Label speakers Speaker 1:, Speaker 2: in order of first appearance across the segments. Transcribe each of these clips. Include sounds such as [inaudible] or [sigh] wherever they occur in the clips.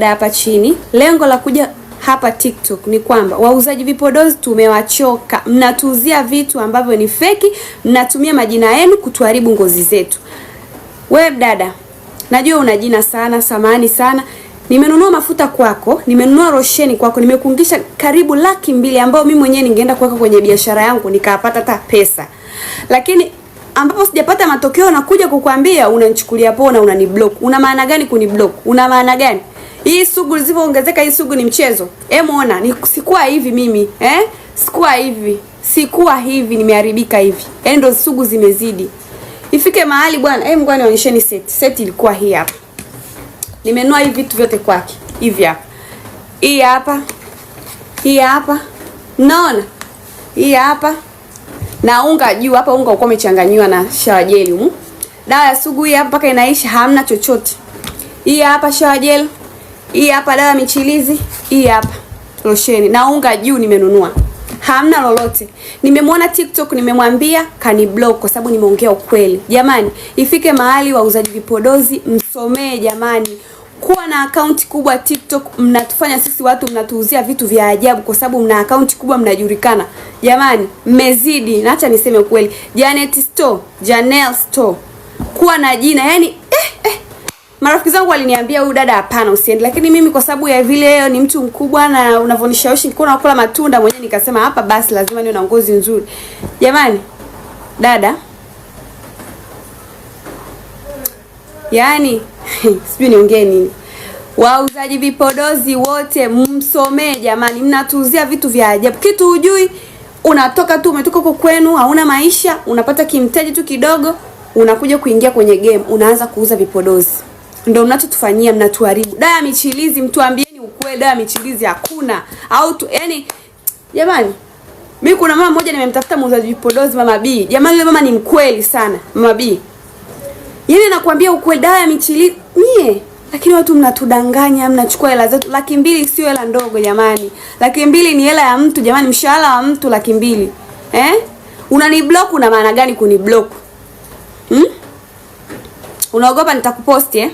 Speaker 1: da Hapa chini lengo la kuja hapa TikTok ni kwamba wauzaji vipodozi tumewachoka, mnatuuzia vitu ambavyo ni feki, mnatumia majina yenu kutuharibu ngozi zetu. We dada, najua una jina sana, samani sana. Nimenunua mafuta kwako, nimenunua rosheni kwako, nimekungisha karibu laki mbili ambayo mimi mwenyewe ningeenda kuweka kwenye biashara yangu nikapata hata pesa, lakini ambapo sijapata matokeo, na kuja kukwambia unanichukulia poa na unaniblock. Una maana gani kuniblock? Una maana gani? Hii sugu zilivyoongezeka, hii sugu ni mchezo. E, eh, Emuona, ni sikuwa hivi mimi eh? Sikuwa hivi, sikuwa hivi, nimeharibika hivi. Yaani ndo sugu zimezidi. Ifike mahali bwana, eh, mngwani onyesheni set. Set ilikuwa hii hapa. Nimenua hivi vitu vyote kwake. Hivi hapa. Hii hapa. Hii hapa. naona Hii hapa. Na unga juu hapa, unga uko umechanganywa na shawajeli hmm? Dawa ya sugu hii hapa mpaka inaisha, hamna chochote. Hii hapa shawajeli. Hii hapa dawa michilizi, hii hapa losheni na unga juu nimenunua. Hamna lolote. Nimemwona TikTok nimemwambia kaniblock kwa sababu nimeongea ukweli. Jamani, ifike mahali wauzaji vipodozi msomee jamani. Kuwa na akaunti kubwa TikTok mnatufanya sisi watu mnatuuzia vitu vya ajabu kwa sababu mna akaunti kubwa mnajulikana. Jamani, mmezidi. Naacha niseme ukweli. Janet Store, Janel Store. Kuwa na jina, yani eh, eh. Marafiki zangu waliniambia huyu dada hapana, usiende, lakini mimi kwa sababu ya vile ni mtu mkubwa na unavyonishawishi nilikuwa nakula matunda mwenyewe, nikasema hapa basi lazima niwe na ngozi nzuri. Jamani dada, yaani [laughs] sijui niongee nini. Wauzaji vipodozi wote msomee jamani, mnatuuzia vitu vya ajabu, kitu hujui. Unatoka tu umetoka huko kwenu, hauna maisha, unapata kimtaji tu kidogo, unakuja kuingia kwenye game, unaanza kuuza vipodozi. Ndio mnachotufanyia, mnatuharibu. Dawa ya michilizi, mtuambieni ukweli, dawa ya michilizi hakuna au tu, yani jamani mi kuna mama mmoja nimemtafuta muuzaji vipodozi mama B. Jamani yule mama ni mkweli sana mama B. Yeye yaani anakuambia ukweli dawa ya michili nie. Lakini watu mnatudanganya, mnachukua hela zetu. Laki mbili sio hela ndogo jamani. Laki mbili ni hela ya mtu jamani, mshahara wa mtu laki mbili. Eh? Unani block una maana gani kuni block? Hmm? Unaogopa nitakuposti eh?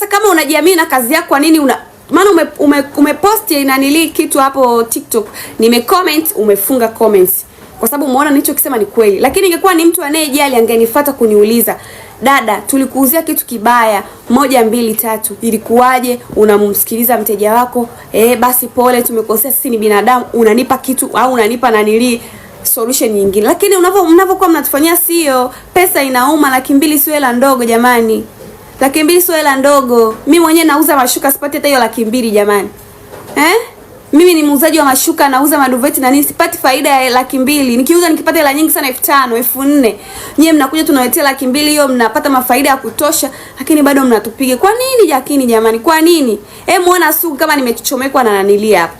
Speaker 1: Sasa kama unajiamini na kazi yako, kwa nini una maana ume, ume, umeposti inanili kitu hapo TikTok, nimecomment, umefunga comments kwa sababu umeona nilichokisema ni kweli. Lakini ingekuwa ni mtu anayejali angenifuata kuniuliza, dada, tulikuuzia kitu kibaya, moja mbili tatu, ilikuwaje? Unamsikiliza mteja wako, eh, basi pole, tumekosea, sisi ni binadamu, unanipa kitu au unanipa nanili solution nyingine. Lakini unavyo mnavyokuwa mnatufanyia, sio pesa inauma, laki mbili sio hela ndogo jamani. Laki mbili sio hela ndogo. Mimi mwenyewe nauza mashuka sipati hata hiyo laki mbili jamani. Eh? Mimi ni muuzaji wa mashuka nauza maduveti na nini sipati faida ya laki mbili. Nikiuza nikipata hela nyingi sana elfu tano, elfu nne. Nyewe mnakuja tunawetea laki mbili hiyo mnapata mafaida ya kutosha lakini bado mnatupiga. Kwa nini jakini jamani? Kwa nini? Eh, muona sugu kama nimechomekwa na nanilia hapa.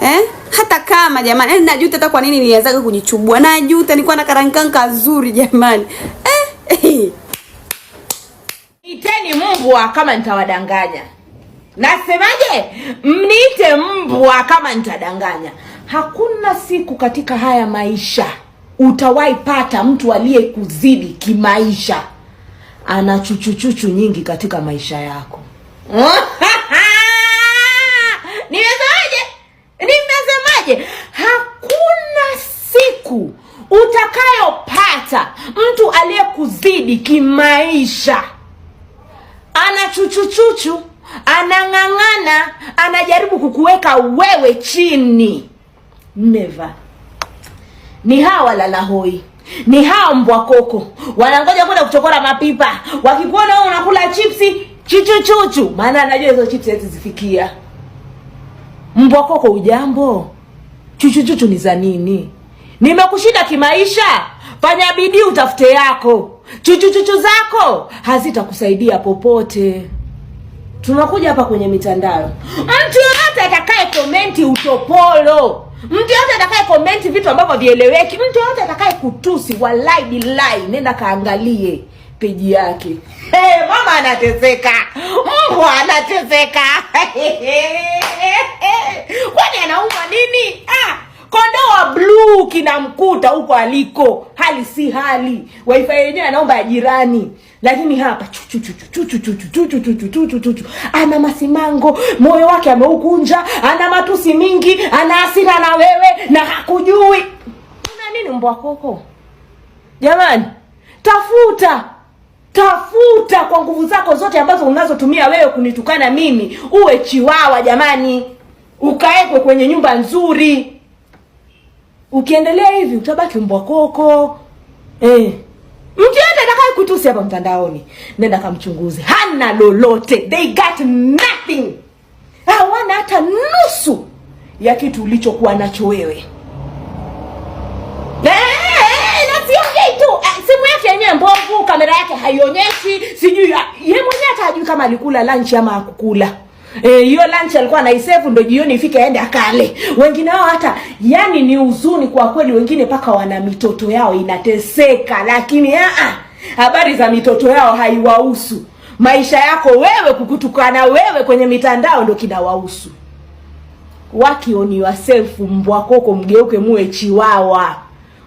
Speaker 1: Eh? Hata kama jamani, eh, najuta hata kwa nini nilianzaga kujichubua. Najuta nilikuwa na karankanka nzuri jamani. eh. [laughs]
Speaker 2: Iteni mbwa kama nitawadanganya. Nasemaje? Mniite mbwa kama nitadanganya. Hakuna siku katika haya maisha utawaipata pata mtu aliyekuzidi kimaisha ana chuchuchuchu nyingi katika maisha yako. [laughs] Nimesemaje? Nimesemaje? Hakuna siku utakayopata mtu aliyekuzidi kimaisha ana chuchuchuchu, anang'ang'ana, anajaribu kukuweka wewe chini. Never. Ni hawa walala hoi ni hawa mbwa koko wanangoja kwenda kuchokora mapipa. Wakikuona wewe unakula chipsi chichuchuchu, maana anajua hizo chipsi hazizifikia. Mbwa koko, ujambo. Chuchuchuchu ni za nini? Nimekushinda kimaisha, fanya bidii utafute yako chuchuchuchu zako hazitakusaidia popote. Tunakuja hapa kwenye mitandao, mtu yoyote atakaye komenti utopolo, mtu yoyote atakaye komenti vitu ambavyo vieleweki, mtu yoyote atakaye kutusi, walai bilai, nenda kaangalie peji yake. Hey, mama anateseka, Mungu anateseka [laughs] kwani anauma nini? ah kinamkuta huko aliko, hali si hali. Wifi yenyewe anaomba jirani, lakini hapa ana masimango, moyo wake ameukunja, ana matusi mingi, ana hasira na wewe na hakujui una nini. Mbwa koko, jamani, tafuta tafuta kwa nguvu zako zote ambazo unazotumia wewe kunitukana mimi, uwe chiwawa jamani, ukaekwe kwenye nyumba nzuri. Ukiendelea hivi utabaki mbwa koko. Eh. Mtu yote atakaye kutusi hapa mtandaoni, nenda kamchunguze. Hana lolote. They got nothing. Hawana hata nusu ya kitu ulichokuwa nacho wewe. Eh, eh, eh, ah, simu yake yenyewe mbovu, kamera yake haionyeshi, sijui ah, ye mwenyewe hata hajui kama alikula lunch ama hakukula. Eh, hiyo e, lunch alikuwa anaisevu ndo jioni ifike aende akale. Wengine wao hata yani, ni huzuni kwa kweli, wengine paka wana mitoto yao inateseka, lakini aa, ah, ah, habari za mitoto yao haiwahusu. Maisha yako wewe, kukutukana wewe kwenye mitandao ndo kinawahusu. Wakioni yourself mbwa koko, mgeuke muwe chiwawa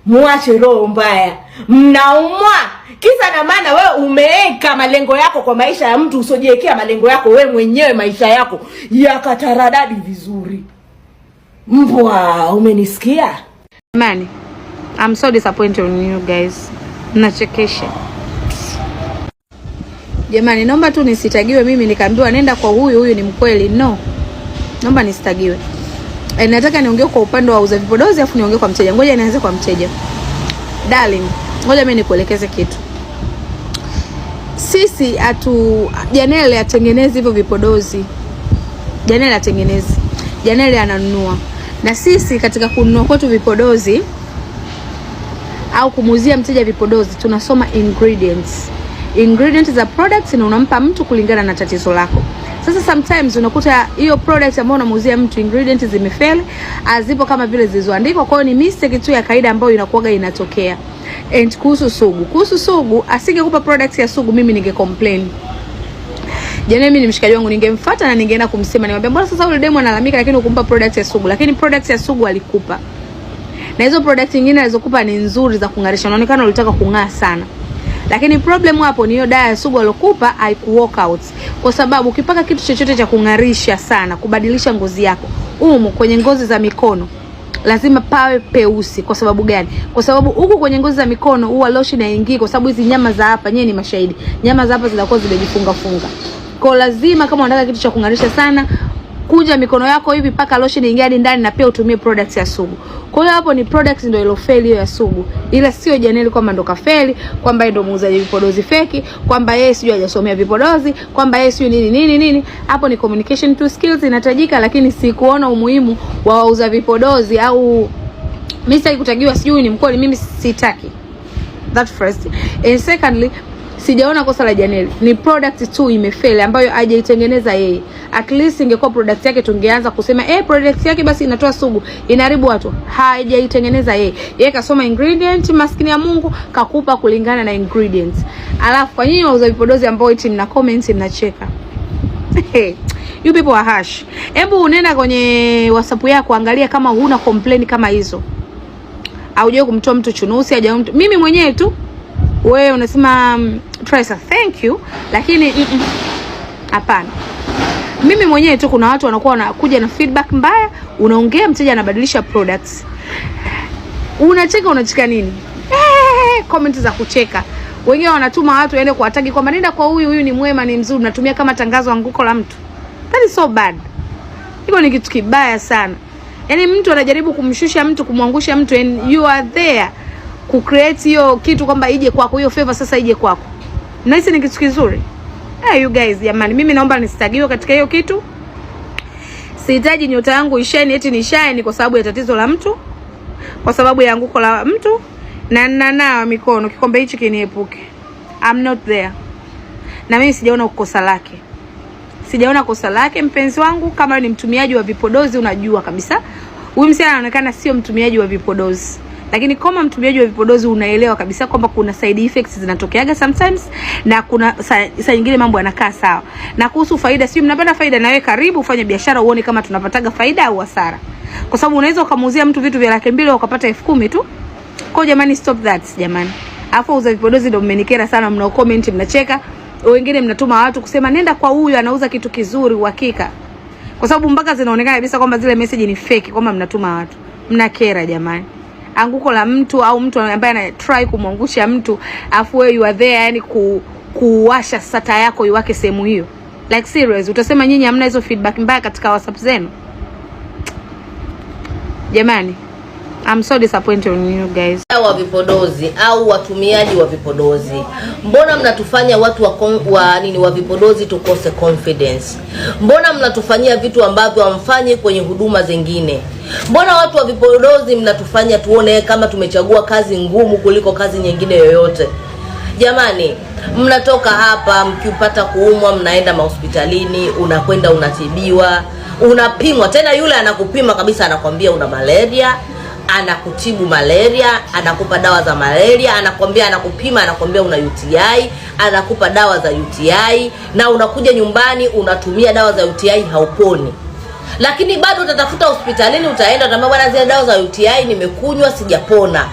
Speaker 2: muache roho mbaya, mnaumwa kisa na maana. Wewe umeweka malengo yako kwa maisha ya mtu usiojiwekea malengo yako wewe mwenyewe, maisha yako yakataradadi vizuri. Mbwa, umenisikia
Speaker 1: man? I'm so disappointed on you guys. Nachekesha jamani, naomba tu nisitagiwe mimi nikaambiwa nenda kwa huyu huyu ni mkweli. No, naomba nisitagiwe. E, nataka niongee kwa upande wa uza vipodozi afu niongee kwa mteja. Ngoja nianze kwa mteja. Darling, ngoja mimi nikuelekeze kitu. Sisi hatu Janele atengenezi hivyo vipodozi. Janele atengenezi. Janele ananunua. Na sisi katika kununua kwetu vipodozi au kumuuzia mteja vipodozi tunasoma ingredients ingredients za products na unampa mtu kulingana na tatizo lako. Sasa sometimes unakuta hiyo product ambayo unamuuzia mtu ingredients zimefeli, azipo kama vile zilizoandikwa. Kwa hiyo ni mistake tu ya kaida ambayo inakuwaga inatokea. And kuhusu sugu, kuhusu sugu, asingekupa product ya sugu, mimi ninge complain Jana yaani mimi ni mshikaji wangu, ningemfuata na ningeenda kumsema, niwaambia mbona sasa yule demo analalamika, lakini ukumpa product ya sugu. Lakini product ya sugu alikupa, na hizo product nyingine alizokupa ni nzuri za kung'arisha, unaonekana ulitaka kung'aa sana. Lakini problem hapo ni hiyo ya sugu alokupa haiku work out, kwa sababu ukipaka kitu chochote cha kung'arisha sana kubadilisha ngozi yako umu kwenye ngozi za mikono lazima pawe peusi. Kwa sababu gani? Kwa sababu huku kwenye ngozi za mikono huwa lotion haingii, kwa sababu hizi nyama za hapa, nyewe ni mashahidi, nyama za hapa zinakuwa zimejifunga funga, kwa lazima kama unataka kitu cha kung'arisha sana kunja mikono yako hivi, paka lotion ingia hadi ndani, na pia utumie products ya sugu. Kwa hiyo hapo ni products ndio ilo fail hiyo ya sugu, ila sio janeli kwamba ndo kafeli, kwamba yeye ndo muuzaji vipodozi feki, kwamba yeye sio hajasomea vipodozi, kwamba yeye sio nini nini nini. Hapo ni communication two skills inatajika, lakini sikuona umuhimu wa wauza vipodozi au mimi sitaki kutagiwa sijui ni mkoli, mimi sitaki that first and secondly Sijaona kosa la Janelle, ni product tu imefeli ambayo hajaitengeneza yeye. At least ingekuwa product yake tungeanza kusema eh, product yake basi inatoa sugu, inaribu watu. Hajaitengeneza yeye. Yeye kasoma ingredient, maskini ya Mungu kakupa kulingana na ingredients. Alafu kwa nyinyi wauza vipodozi ambao eti mna comments mnacheka? you people are harsh. Hebu unena kwenye WhatsApp yako angalia kama huna complain kama hizo. Haujao kumtoa mtu chunusi, hajaumtu. Mimi mwenyewe tu wewe unasema um, Tracer, thank you, lakini mm, mm, hapana. Mimi mwenyewe tu, kuna watu wanakuwa wanakuja na feedback mbaya, unaongea mteja anabadilisha products, unacheka. Unacheka nini? Hey, comment za kucheka wengine wanatuma watu waende kuwatagi kwamba nenda kwa huyu, huyu ni mwema, ni mzuri, natumia kama tangazo anguko la mtu. That is so bad. Hilo ni kitu kibaya sana, yaani mtu anajaribu kumshusha mtu, kumwangusha mtu and you are there kucreate hiyo kitu kwamba ije kwako, hiyo favor sasa ije kwako, nahisi ni kitu kizuri. Hey, you guys jamani, mimi naomba nisitagiwe katika hiyo kitu. Sihitaji nyota yangu ishine eti ni shine kwa sababu ya tatizo la mtu, kwa sababu ya anguko la mtu, na na na mikono, kikombe hichi kiniepuke. I'm not there, na mimi sijaona kukosa lake sijaona kosa lake, mpenzi wangu. Kama ni mtumiaji wa vipodozi, unajua kabisa huyu msichana anaonekana sio mtumiaji wa vipodozi lakini kama mtumiaji wa vipodozi unaelewa kabisa kwamba kuna side effects zinatokeaga sometimes na kuna saa sa nyingine mambo yanakaa sawa. Na kuhusu faida, sio mnapenda faida, na wewe karibu ufanye biashara uone kama tunapataga faida au hasara, kwa sababu unaweza ukamuuzia mtu vitu vya laki mbili ukapata elfu kumi tu. Kwa jamani, stop that jamani. Afu uza vipodozi ndio mmenikera sana, mna comment mnacheka, wengine mnatuma watu kusema nenda kwa huyu anauza kitu kizuri uhakika, kwa sababu mpaka zinaonekana kabisa kwamba zile message ni fake, kwamba mnatuma watu mnakera jamani anguko la mtu au mtu ambaye ana try kumwangusha mtu afu wewe you are there, yani ku, kuwasha sata yako iwake sehemu hiyo. Like serious, utasema nyinyi hamna hizo feedback mbaya katika WhatsApp zenu jamani? I'm so disappointed on you guys.
Speaker 2: Wa vipodozi au watumiaji wa vipodozi, mbona mnatufanya watu wa, wa nini wa vipodozi tukose confidence? Mbona mnatufanyia vitu ambavyo hamfanyi kwenye huduma zingine? Mbona watu wa vipodozi mnatufanya tuone kama tumechagua kazi ngumu kuliko kazi nyingine yoyote? Jamani, mnatoka hapa mkipata kuumwa, mnaenda mahospitalini, unakwenda unatibiwa, unapimwa, tena yule anakupima kabisa, anakwambia una malaria anakutibu malaria, anakupa dawa za malaria, anakwambia, anakupima, anakwambia una UTI, anakupa dawa za UTI, na unakuja nyumbani unatumia dawa za UTI hauponi lakini bado utatafuta hospitalini, utaenda utaambia, bwana, zile dawa za UTI nimekunywa sijapona.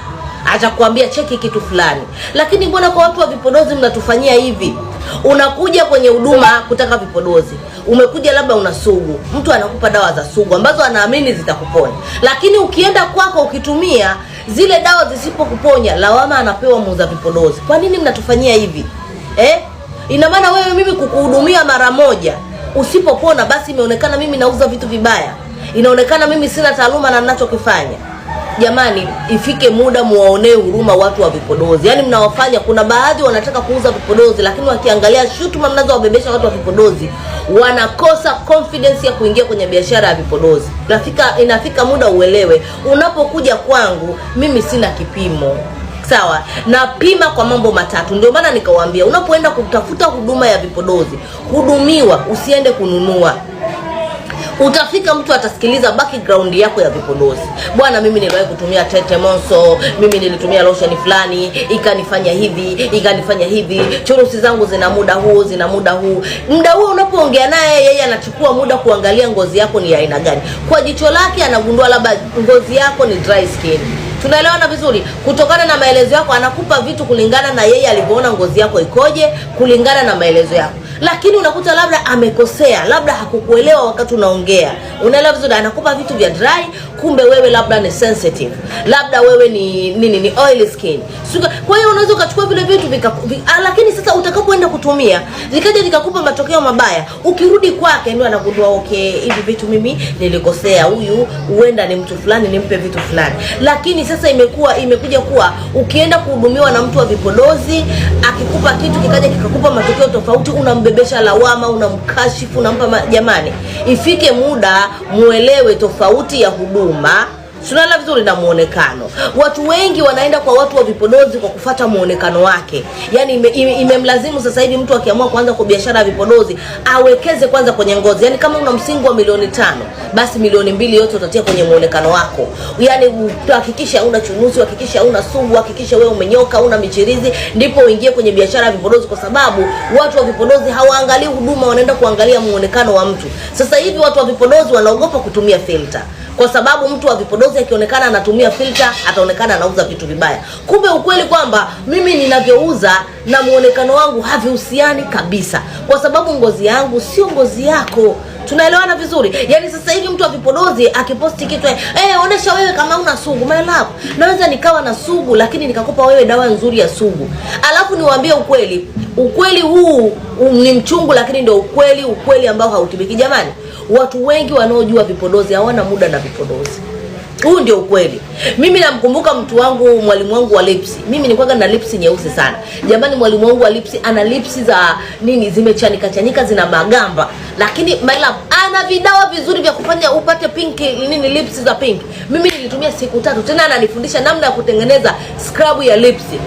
Speaker 2: Atakwambia cheki kitu fulani. Lakini mbona kwa watu wa vipodozi mnatufanyia hivi? Unakuja kwenye huduma kutaka vipodozi, umekuja labda una sugu, mtu anakupa dawa za sugu ambazo anaamini zitakuponya, lakini ukienda kwako ukitumia zile dawa zisipokuponya, lawama anapewa muuza vipodozi. Kwa nini mnatufanyia hivi eh? Ina maana wewe mimi kukuhudumia mara moja, usipopona basi imeonekana mimi nauza vitu vibaya, inaonekana mimi sina taaluma na ninachokifanya. Jamani, ifike muda muwaonee huruma watu wa vipodozi. Yaani mnawafanya, kuna baadhi wanataka kuuza vipodozi, lakini wakiangalia shutuma mnazowabebesha watu wa vipodozi wanakosa confidence ya kuingia kwenye biashara ya vipodozi. Nafika, inafika muda uelewe, unapokuja kwangu mimi sina kipimo Sawa, napima kwa mambo matatu. Ndio maana nikawaambia, unapoenda kutafuta huduma ya vipodozi, hudumiwa, usiende kununua utafika mtu atasikiliza background yako ya vipodozi. Bwana, mimi niliwahi kutumia Tete Monso, mimi nilitumia lotion fulani ikanifanya hivi ikanifanya hivi, churusi zangu zina muda huu zina muda huu. Muda huo unapoongea naye, yeye anachukua muda kuangalia ngozi yako ni aina gani. Kwa jicho lake anagundua labda ngozi yako ni dry skin. Tunaelewana vizuri. Kutokana na maelezo yako, anakupa vitu kulingana na yeye alivyoona ngozi yako ikoje, kulingana na maelezo yako lakini unakuta labda amekosea, labda hakukuelewa wakati unaongea, unaelewa vizuri, anakupa vitu vya dry kumbe wewe labda ni sensitive, labda wewe ni nini, ni oily skin. Kwa hiyo unaweza ukachukua vile vitu vika, vika, ah, lakini sasa utakapoenda kutumia vikaja vikakupa matokeo mabaya, ukirudi kwake ndio anagundua okay, hivi vitu mimi nilikosea, huyu huenda ni mtu fulani, nimpe vitu fulani. Lakini sasa imekuwa imekuja kuwa ukienda kuhudumiwa na mtu wa vipodozi, akikupa kitu kikaja kikakupa matokeo tofauti, unambebesha lawama, unamkashifu, unampa jamani, ifike muda muelewe tofauti ya huduma nyuma sunala vizuri na muonekano. Watu wengi wanaenda kwa watu wa vipodozi kwa kufata muonekano wake, yani imemlazimu ime sasa hivi mtu akiamua kuanza kwa biashara ya vipodozi awekeze kwanza kwenye ngozi. yani kama una msingi wa milioni tano, basi milioni mbili yote utatia kwenye muonekano wako, yani hakikisha una chunuzi hakikisha una sumu, hakikisha wewe umenyoka, una michirizi, ndipo uingie kwenye biashara ya vipodozi, kwa sababu watu wa vipodozi hawaangalii huduma, wanaenda kuangalia muonekano wa mtu. Sasa hivi watu wa vipodozi wanaogopa kutumia filter kwa sababu mtu wa vipodozi akionekana anatumia filter ataonekana anauza vitu vibaya. Kumbe ukweli kwamba mimi ninavyouza na muonekano wangu havihusiani kabisa, kwa sababu ngozi yangu sio ngozi yako. Tunaelewana vizuri? Yaani sasa hivi mtu wa vipodozi akiposti kitu eh, hey, onesha wewe kama una sugu. My love, naweza nikawa na sugu lakini nikakupa wewe dawa nzuri ya sugu. Alafu niwaambie ukweli, ukweli huu ni mchungu lakini ndio ukweli, ukweli ambao hautibiki jamani. Watu wengi wanaojua vipodozi hawana muda na vipodozi. Huu ndio ukweli. Mimi namkumbuka mtu wangu, mwalimu wangu wa lipsi. Mimi nilikuwa na lipsi nyeusi sana. Jamani, mwalimu wangu wa lipsi ana lipsi za nini, zimechanika chanika, zina magamba, lakini my love, ana vidawa vizuri vya kufanya upate pinki, nini, lipsi za pinki. Mimi nilitumia siku tatu, tena ananifundisha namna ya kutengeneza scrub ya lipsi.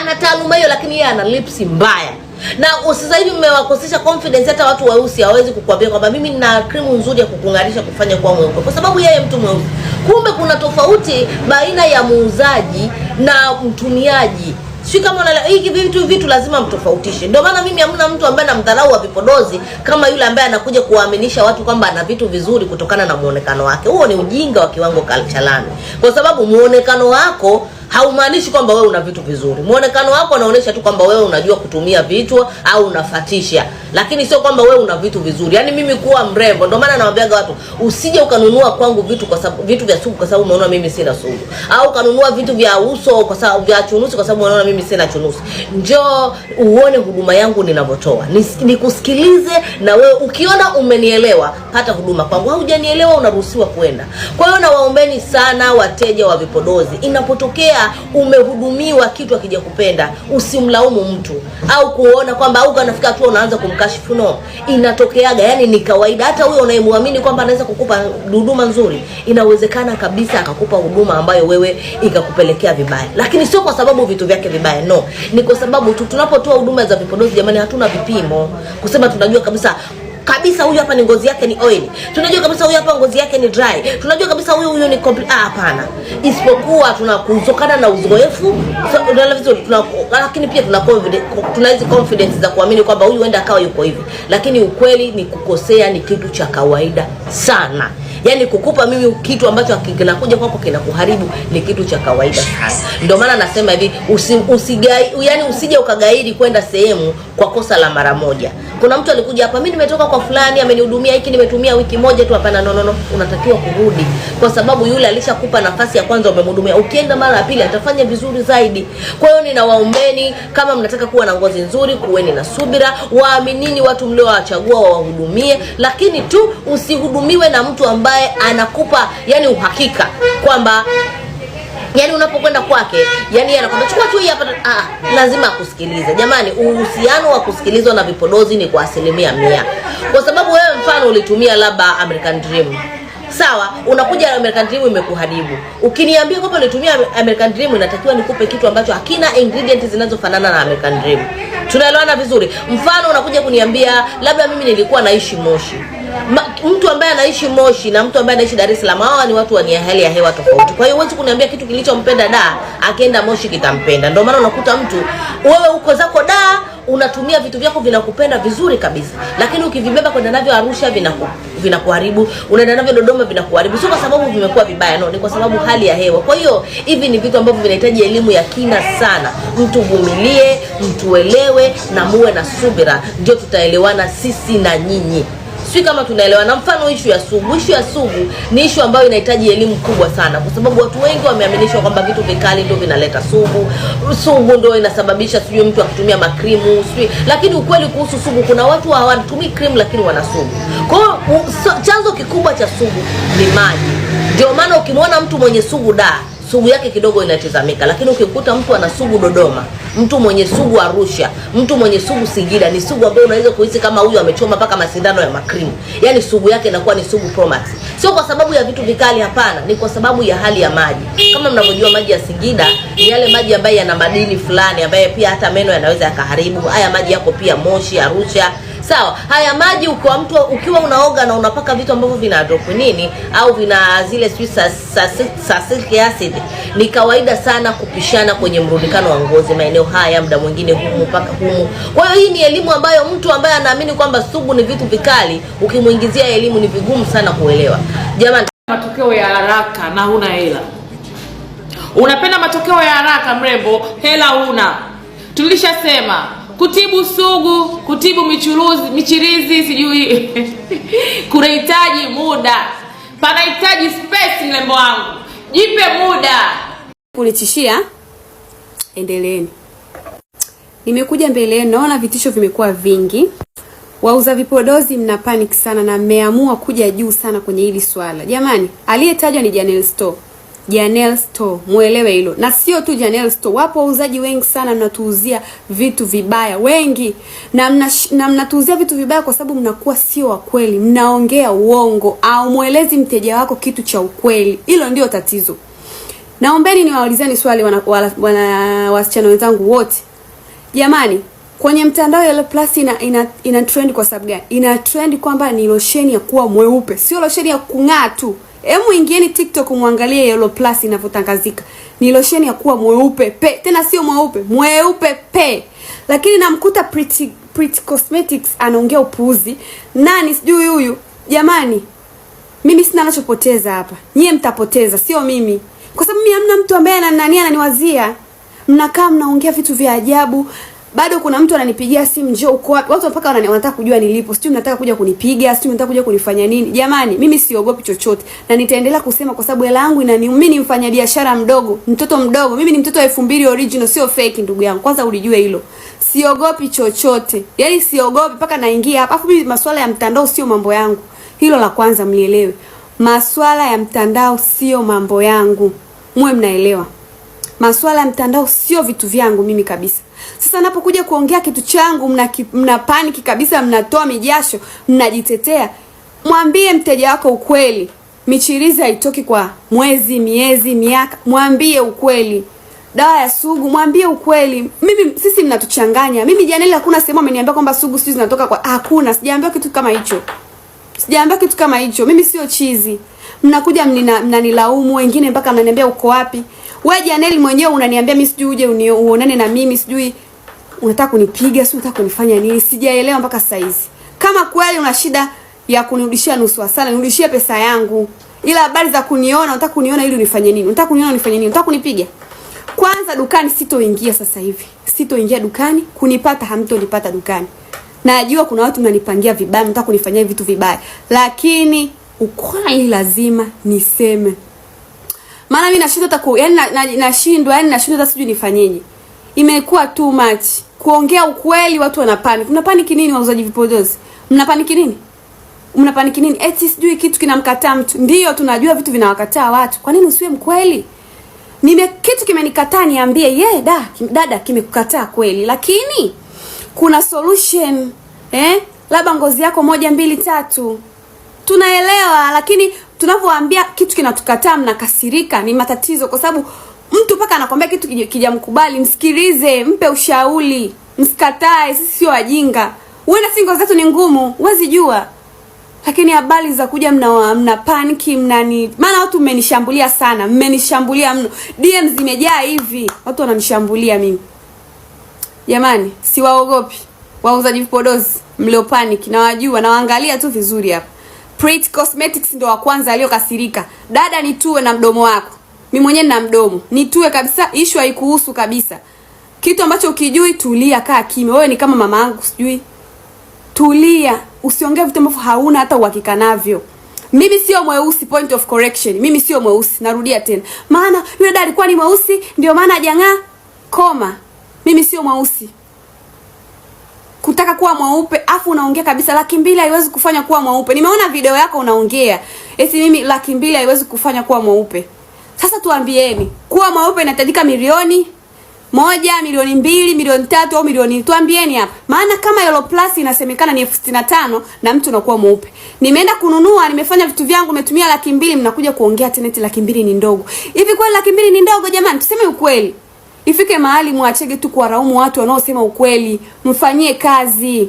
Speaker 2: Ana taaluma hiyo, lakini yeye ana lipsi mbaya na sasa hivi mmewakosesha confidence hata watu weusi hawawezi kukuambia kwamba mimi nina krimu nzuri ya kukung'arisha kufanya kuwa mweupe, kwa sababu yeye mtu mweusi. Kumbe kuna tofauti baina ya muuzaji na mtumiaji. Si kama hiki vitu vitu lazima mtofautishe. Ndio maana mimi hamna mtu ambaye namdharau wa vipodozi kama yule ambaye anakuja kuwaaminisha watu kwamba ana vitu vizuri kutokana na muonekano wake. Huo ni ujinga wa kiwango kalchalani, kwa sababu muonekano wako haumaanishi kwamba wewe una vitu vizuri. Muonekano wako unaonyesha tu kwamba wewe unajua kutumia vitu au unafatisha, lakini sio kwamba wewe una vitu vizuri. Yaani mimi kuwa mrembo, ndio maana nawaambiaga watu usije ukanunua kwangu vitu kwa sababu vitu vya sugu, kwa sababu umeona mimi sina sugu, au ukanunua vitu vya uso kwa sababu vya chunusi, kwa sababu unaona mimi sina chunusi. Njoo uone huduma yangu ninavyotoa, nikusikilize ni na wewe ukiona umenielewa, pata huduma kwangu. Haujanielewa, unaruhusiwa kwenda. Kwa hiyo nawaombeni sana wateja wa vipodozi, inapotokea kukataa umehudumiwa, kitu akija kupenda usimlaumu mtu au kuona kwamba au kanafika tu unaanza kumkashifu. No, inatokeaga, yani ni kawaida. Hata huyo unayemwamini kwamba anaweza kukupa huduma nzuri, inawezekana kabisa akakupa huduma ambayo wewe ikakupelekea vibaya, lakini sio kwa sababu vitu vyake vibaya. No, ni kwa sababu tu tunapotoa huduma za vipodozi, jamani, hatuna vipimo kusema tunajua kabisa kabisa huyu hapa ni ngozi yake ni oil. Tunajua kabisa huyu hapa ngozi yake ni dry. Tunajua kabisa huyu huyu ni complete. Ah, hapana. Isipokuwa tunakuzokana na uzoefu, unaelewa vizuri, tuna lakini pia tuna confidence, tuna hizo confidence za kuamini kwamba huyu huenda akawa yuko hivi. Lakini ukweli ni kukosea ni kitu cha kawaida sana. Yaani kukupa mimi kitu ambacho kinakuja kwako kinakuharibu ni kitu cha kawaida sana. Ndio maana nasema hivi usi, usigai, yaani usije ukagaidi kwenda sehemu kwa kosa la mara moja. Kuna mtu alikuja hapa, mimi nimetoka kwa fulani amenihudumia hiki, nimetumia wiki moja tu. Hapana, no, no, no, unatakiwa kurudi, kwa sababu yule alishakupa nafasi ya kwanza, umemhudumia. Ukienda mara ya pili atafanya vizuri zaidi. Kwa hiyo ninawaombeni, kama mnataka kuwa na ngozi nzuri, kuweni na subira, waaminini watu mliowachagua wawahudumie, lakini tu usihudumiwe na mtu ambaye anakupa yani uhakika kwamba Yaani unapokwenda kwake, yani anakwambia chukua tu hapa. Ah, ah, lazima akusikilize. Jamani, uhusiano wa kusikilizwa na vipodozi ni kwa asilimia mia, kwa sababu wewe mfano ulitumia labda American Dream Sawa, unakuja American Dream imekuharibu. Ukiniambia kwamba nitumia American Dream, inatakiwa nikupe kitu ambacho hakina ingredients zinazofanana na American Dream. Tunaelewana vizuri? Mfano unakuja kuniambia labda mimi nilikuwa naishi Moshi mtu ambaye anaishi Moshi na mtu ambaye anaishi Dar es Salaam hawa ni watu wenye hali ya hewa tofauti. Kwa hiyo huwezi kuniambia kitu kilichompenda da akienda Moshi kitampenda. Ndio maana unakuta mtu wewe uko zako da unatumia vitu vyako vinakupenda vizuri kabisa, lakini ukivibeba kwenda navyo Arusha vinaku vinakuharibu, unaenda navyo Dodoma vinakuharibu. Sio kwa sababu vimekuwa vibaya, no, ni kwa sababu hali ya hewa. Kwa hiyo hivi ni vitu ambavyo vinahitaji elimu ya kina sana. Mtu vumilie, mtuelewe na muwe na subira, ndio tutaelewana sisi na nyinyi sijui kama tunaelewa. Na mfano ishu ya sugu, ishu ya sugu ni ishu ambayo inahitaji elimu kubwa sana, kwa sababu watu wengi wameaminishwa kwamba vitu vikali ndio vinaleta sugu, sugu ndio inasababisha sijui mtu akitumia makrimu sijui, lakini ukweli kuhusu sugu, kuna watu hawatumii krimu lakini wana sugu. Kwa hiyo chanzo kikubwa cha sugu ni maji. Ndio maana ukimwona mtu mwenye sugu da sugu yake kidogo inatizamika, lakini ukikuta mtu ana sugu Dodoma, mtu mwenye sugu Arusha, mtu mwenye sugu Singida, ni sugu ambayo unaweza kuhisi kama huyu amechoma mpaka masindano ya makrimu. yani sugu yake inakuwa ni sugu Promax, sio kwa sababu ya vitu vikali, hapana, ni kwa sababu ya hali ya maji. Kama mnavyojua maji ya Singida ni yale maji ambayo yana madini fulani ambayo pia hata meno yanaweza yakaharibu. Haya maji yako pia Moshi, Arusha sawa. Haya maji ukiwa mtu ukiwa unaoga na unapaka vitu ambavyo vina nini au vina zile sijui salicylic acid, ni kawaida sana kupishana kwenye mrundikano wa ngozi maeneo haya, muda mwingine humu mpaka humu. Kwa hiyo hii ni elimu ambayo mtu ambaye anaamini kwamba sugu ni vitu vikali, ukimwingizia elimu ni vigumu sana kuelewa. Jamani, matokeo ya haraka na huna hela Unapenda matokeo ya haraka mrembo, hela huna Tulishasema kutibu sugu, kutibu michuruzi, michirizi, sijui [laughs] kunahitaji muda, panahitaji space. Mlembo wangu, jipe muda.
Speaker 1: Kunitishia, endeleeni. Nimekuja mbele yenu, naona vitisho vimekuwa vingi. Wauza vipodozi mna panic sana na mmeamua kuja juu sana kwenye hili swala. Jamani, aliyetajwa ni Janel Store. Janelle Store, muelewe hilo. Na sio tu Janelle Store, wapo wauzaji wengi sana mnatuuzia vitu vibaya wengi, na mna, na mnatuuzia vitu vibaya kwa sababu mnakuwa sio wa kweli, mnaongea uongo au mwelezi mteja wako kitu cha ukweli. Hilo ndio tatizo. Naombeni niwaulizeni swali wana, wana, wana wasichana wenzangu wote jamani, kwenye mtandao Yellow Plus ina, ina, ina trend kwa sababu gani? Ina trend kwamba ni losheni ya kuwa mweupe, sio losheni ya kung'aa tu. Hebu ingieni TikTok muangalie Yellow Plus inavyotangazika. Ni lotion ya kuwa mweupe pe, tena sio mweupe, mweupe pe. Lakini namkuta Pretty Pretty Cosmetics anaongea upuuzi. Nani sijui huyu? Jamani, mimi sina nachopoteza hapa. Nyie mtapoteza, sio mimi. Kwa sababu mimi hamna mtu ambaye ananiwazia. Mnakaa mnaongea vitu vya ajabu bado kuna mtu ananipigia simu, njoo uko wapi? Watu mpaka wanataka kujua nilipo, sijui mnataka kuja kunipiga, sijui mnataka kuja kunifanya nini. Jamani, mimi siogopi chochote na nitaendelea kusema kwa sababu hela yangu ina mimi, ni mfanyabiashara mdogo, mtoto mdogo. Mimi ni mtoto wa 2000 original, sio fake ndugu yangu, kwanza ulijue hilo. Siogopi chochote, yaani siogopi mpaka naingia hapa. Afu mimi masuala ya mtandao sio mambo yangu, hilo la kwanza mlielewe. Masuala ya mtandao sio mambo yangu, muwe mnaelewa masuala ya mtandao sio vitu vyangu mimi kabisa. Sasa napokuja kuongea kitu changu, mna, mna paniki kabisa, mnatoa mijasho, mnajitetea. Mwambie mteja wako ukweli. Michirizi haitoki kwa mwezi, miezi, miaka. Mwambie ukweli. Dawa ya sugu, mwambie ukweli. Mimi sisi mnatuchanganya. Mimi Janeli, hakuna sehemu ameniambia kwamba sugu sisi zinatoka kwa, hakuna, sijaambiwa kitu kama hicho, sijaambiwa kitu kama hicho. Mimi sio chizi mnakuja mnanilaumu, wengine mpaka mnaniambia uko wapi we Janeli, mwenyewe unaniambia mimi sijui uje uonane na mimi sijui unataka kunipiga, si unataka kunifanya nini? Sijaelewa mpaka sasa hizi. Kama kweli una shida ya kunirudishia nusu asala, nirudishie pesa yangu. Ila habari za kuniona, unataka kuniona ili unifanye nini? Unataka kuniona unifanye nini? Unataka kunipiga? Kwanza dukani sitoingia sasa hivi. Sitoingia dukani, kunipata hamtonipata dukani. Najua kuna watu mnanipangia vibaya, mnataka kunifanyia vitu vibaya. Lakini ukweli lazima niseme, maana mimi nashindwa hata ku, yani nashindwa, yani nashindwa hata sijui nifanyeje. Imekuwa too much kuongea ukweli, watu wana panic. Mna nini? Wauzaji vipodozi mna panic nini? Mna nini? Eti sijui kitu kinamkataa mtu. Ndio tunajua vitu vinawakataa watu. Kwa nini usiwe mkweli? Nime kitu kimenikataa, niambie ye yeah, da, dada, kimekukataa kweli, lakini kuna solution eh, labda ngozi yako moja mbili tatu tunaelewa, lakini tunavyoambia kitu kinatukataa, mnakasirika. Ni matatizo, kwa sababu mtu mpaka anakwambia kitu kijamkubali, msikilize, mpe ushauri, msikatae. Sisi sio wajinga, huenda singo zetu ni ngumu, huwezi jua lakini habari za kuja mna mna paniki mnani, maana watu mmenishambulia sana, mmenishambulia mno, DM zimejaa hivi, watu wananishambulia mimi. Jamani, siwaogopi wauzaji vipodozi mlio paniki, na wajua, nawaangalia tu vizuri hapa. Pretty Cosmetics ndo wa kwanza aliyokasirika. Dada, nitue na mdomo wako. Mimi mwenyewe na mdomo. Nitue kabisa, issue haikuhusu kabisa. Kitu ambacho ukijui, tulia, kaa kimya. Wewe ni kama mama yangu, sijui. Tulia, usiongee vitu ambavyo hauna hata uhakika navyo. Mimi sio mweusi, point of correction. Mimi sio mweusi, narudia tena. Maana yule dada alikuwa ni mweusi, ndio maana hajang'aa. Koma. Mimi sio mweusi kutaka kuwa mweupe afu unaongea kabisa laki mbili haiwezi kufanya kuwa mweupe. Nimeona video yako unaongea eti mimi laki mbili haiwezi kufanya kuwa mweupe. Sasa tuambieni, kuwa mweupe inahitajika milioni moja, milioni mbili, milioni tatu au milioni tuambieni hapa. Maana kama Yellow Plus inasemekana ni elfu sitini na tano na mtu unakuwa mweupe. Nimeenda kununua, nimefanya vitu vyangu, umetumia laki mbili mnakuja kuongea tena eti laki mbili ni ndogo. Hivi kweli laki mbili ni ndogo jamani? Tuseme ukweli. Ifike mahali mwachege tu kuwaraumu watu wanaosema ukweli, mfanyie kazi.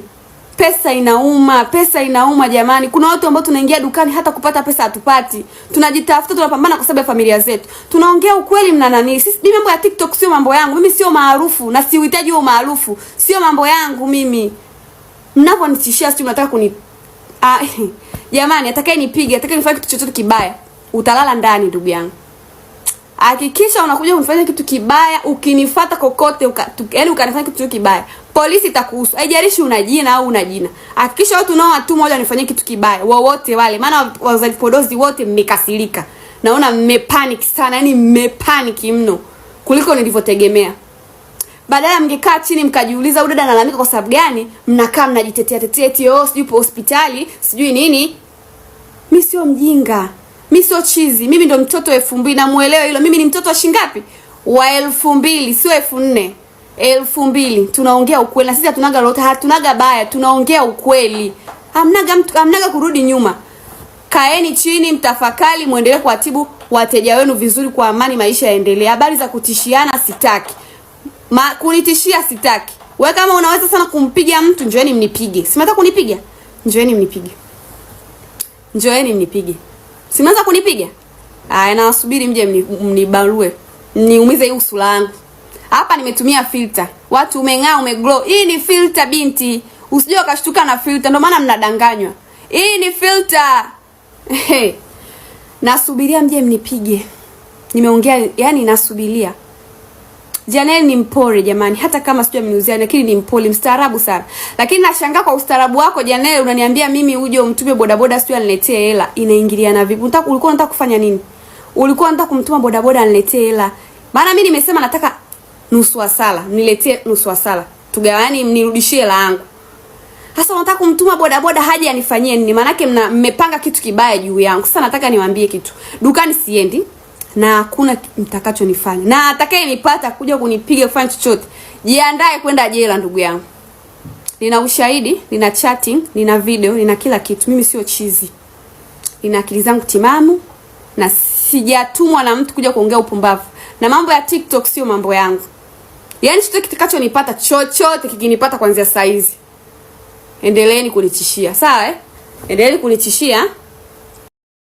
Speaker 1: Pesa inauma, pesa inauma jamani. Kuna watu ambao tunaingia dukani hata kupata pesa hatupati, tunajitafuta, tunapambana kwa sababu ya familia zetu. Tunaongea ukweli, mna nani? Sisi mimi, mambo ya TikTok sio mambo yangu mimi, sio maarufu na siuhitaji huo maarufu, sio mambo yangu mimi. Mnaponitishia sio, mnataka kuni ah, [laughs] jamani, atakaye nipige atakaye nifanye kitu chochote kibaya, utalala ndani ndugu yangu hakikisha unakuja kunifanya kitu kibaya, ukinifata kokote yaani uka, ukanifanya kitu kibaya, polisi itakuhusu. haijarishi una jina au una jina. Hakikisha watu nao watu moja wanifanyia kitu kibaya wowote wale, maana wauzaji podozi wote mmekasirika. Naona mmepanic sana, yaani mmepanic mno kuliko nilivyotegemea. Baadaye mngekaa chini mkajiuliza, huyu dada analalamika kwa sababu gani? Mnakaa mnajitetea tetea eti oh, sijui hospitali, sijui nini. Mimi sio mjinga mi sio chizi, mimi ndo mtoto wa elfu mbili namuelewa hilo. Mimi ni mtoto wa shingapi? Wa elfu mbili, sio elfu nne elfu mbili. Tunaongea ukweli na sisi hatunaga lolote, hatunaga baya, tunaongea ukweli, hamnaga mtu, hamnaga kurudi nyuma. Kaeni chini mtafakari, muendelee kuatibu wateja wenu vizuri kwa amani, maisha yaendelee. Habari za kutishiana sitaki, ma kunitishia sitaki. We kama unaweza sana kumpiga mtu, njoeni mnipige. Si mnataka kunipiga? Njoeni mnipige, njoeni mnipige. Simeanza kunipiga? Aya, nawasubiri mje mnibarue. niumize hii usura yangu. Hapa nimetumia filter. Watu umeng'aa, umeglow. Hii ni filter binti. Usije ukashtuka na filter. Ndio maana mnadanganywa. Hii ni filter. [laughs] Hey. Nasubiria mje mnipige. Nimeongea, yani nasubiria. Janel ni mpole jamani, hata kama sijui ameniuzia lakini ni mpole, mstaarabu sana. Lakini nashangaa kwa ustaarabu wako Janel, unaniambia mimi uje umtume bodaboda sijui aniletee hela. Inaingiliana vipi? Unataka ulikuwa unataka kufanya nini? Ulikuwa unataka kumtuma bodaboda aniletee hela. Maana mimi nimesema nataka nusu wa sala, niletee nusu wa sala, tugawani, yaani mnirudishie hela yangu. Sasa unataka kumtuma bodaboda haje anifanyie nini? Maanake mmepanga kitu kibaya juu yangu. Sasa nataka niwaambie kitu. Dukani siendi na hakuna mtakachonifanya, na atakayenipata kuja kunipiga kufanya chochote, jiandae kwenda jela, ndugu yangu. Nina ushahidi, nina chatting, nina video, nina kila kitu. Mimi sio chizi, nina akili zangu timamu na sijatumwa na mtu kuja kuongea upumbavu, na mambo ya TikTok sio mambo yangu. Yaani chochote kitakachonipata, chochote kikinipata kuanzia saa hizi, endeleeni kunitishia sawa, eh? Endeleeni kunitishia